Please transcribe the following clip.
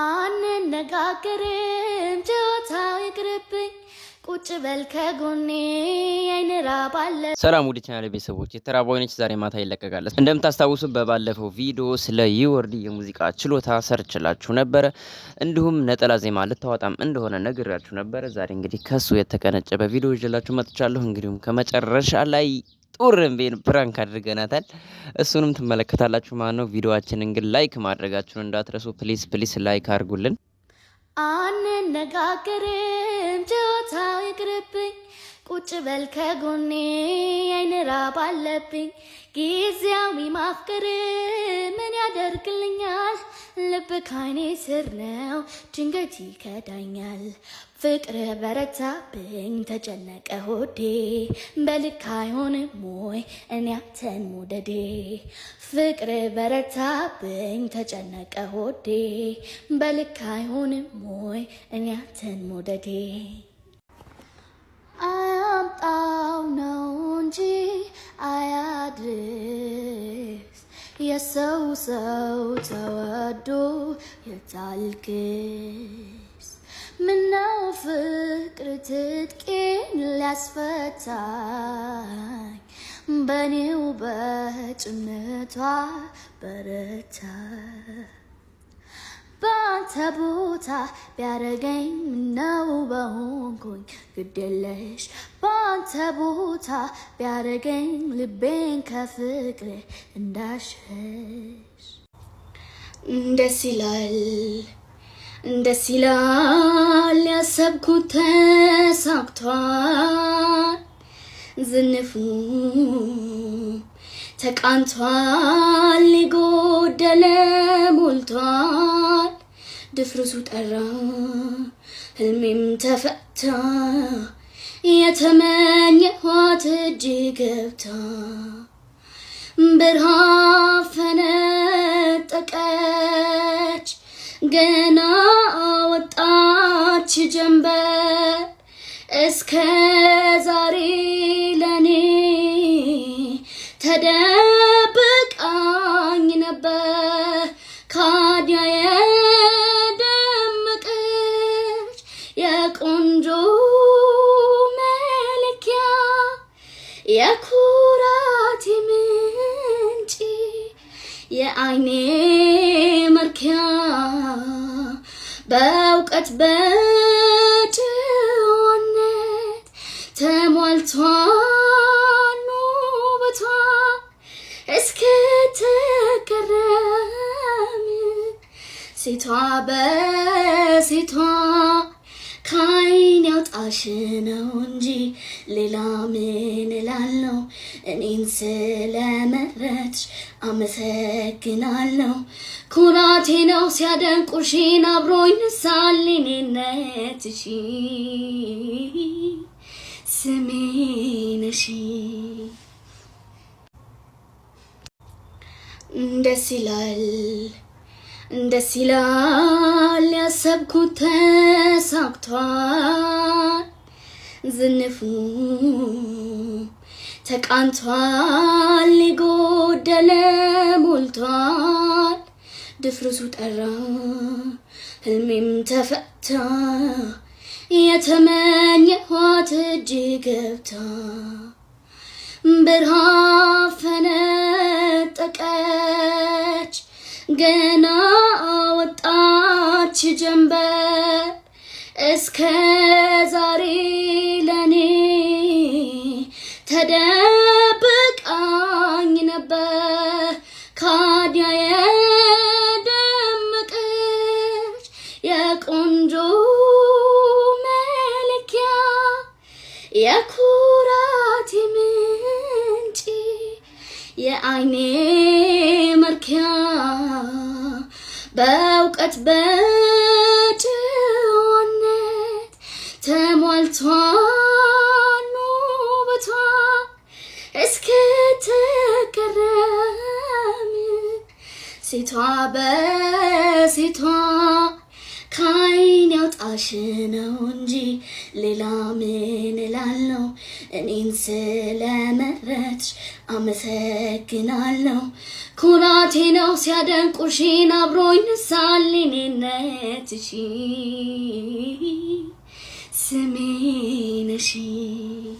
አንነጋገርም፣ ጨዋታ ይቅርብኝ፣ ቁጭ በል ከጎኔ ሰላም ውድ ቻናል ቤተሰቦች፣ የተራበው አይኖች ዛሬ ማታ ይለቀቃል። እንደምታስታውሱ በባለፈው ቪዲዮ ስለ ይወርዲ የሙዚቃ ችሎታ ሰርችላችሁ ነበረ። እንዲሁም ነጠላ ዜማ ልታወጣም እንደሆነ ነግራችሁ ነበረ። ዛሬ እንግዲህ ከሱ የተቀነጨበ ቪዲዮ ይዤላችሁ መጥቻለሁ። እንግዲሁም ከመጨረሻ ላይ ጡር ቤን ፕራንክ አድርገናታል። እሱንም ትመለከታላችሁ ማለት ነው። ቪዲዮችንን ግን ላይክ ማድረጋችሁን እንዳትረሱ ፕሊስ ፕሊስ፣ ላይክ አድርጉልን። አንነጋገርም ጨዋታ ይቅርብኝ፣ ቁጭ በል ከጎኔ መራብ ባለብኝ ጊዜያዊ ማፍቀር ምን ያደርግልኛል? ልብ ካይኔ ስር ነው ድንገት ይከዳኛል። ፍቅር በረታብኝ ተጨነቀ ሆዴ በልክ አይሆንም ሞይ እኔ ሙደዴ ፍቅር በረታብኝ ተጨነቀ ሆዴ በልክ አይሆንም ሞይ እኔ ሙደዴ መውደዴ አያምጣውና የሰው ሰው ተወዶ የታልክስ ምነው ፍቅር ትጥቂን ሊያስፈታኝ በኔው በጭምቷ በረታ በአንተ ቦታ ቢያረገኝ ምነው በሆንኩኝ ግድለሽ በአንተ ቦታ ቢያረገኝ ልቤን ከፍቅር እንዳሸሽ እንደስ ይላል እንደስ ይላል ያሰብኩት ተሳክቷል ዝንፉ ተቃንቷል ሊጎደለ ሞልቷል ድፍርሱ ጠራ፣ ህልሜም ተፈታ። የተመኘኋት እጅ ገብታ ብርሃን ፈነጠቀች፣ ገና ወጣች ጀንበር እስከ ዛሬ ለኔ ተደ የኩራቴ ምንጭ የአይኔ መርኪያ በእውቀት በጭዋነት ተሟልቷን ውበቷ እስክትገረም ሴቷ በሴቷ ጣጣሽ ነው እንጂ ሌላ ምን እላለሁ? እኔን ስለመረጥሽ አመሰግናለሁ። ኩራቴ ነው ሲያደንቁሽን አብሮኝ ንሳል እኔነትሽ ስሜ ደስ ይላል። ደስ ይላል ያሰብኩት ተሳክቷል፣ ዝንፉ ተቃንቷል፣ ሊጎደለ ሞልቷል፣ ድፍርሱ ጠራ ህልሜም ተፈታ፣ የተመኘኋት እጅ ገብታ ብርሃ ። ጀንበር እስከ ዛሬ ለኔ ተደብቃኝ ነበር ካዲያ ደመቀች የቆንጆ መለኪያ የኩራቴ ምንጭ የአይኔ መርኪያ በእውቀት በ ውበቷን ውበቷን እስክትገረም ሴቷ በሴቷ ከአይን ያውጣሽ ነው እንጂ ሌላ ምን እላለሁ? እኔን ስለመረጥሽ አመሰግናለሁ። ኩራቴ ነው ሲያደንቁሽን ይነሳል ሳሊኔነትሽ me, Nashi.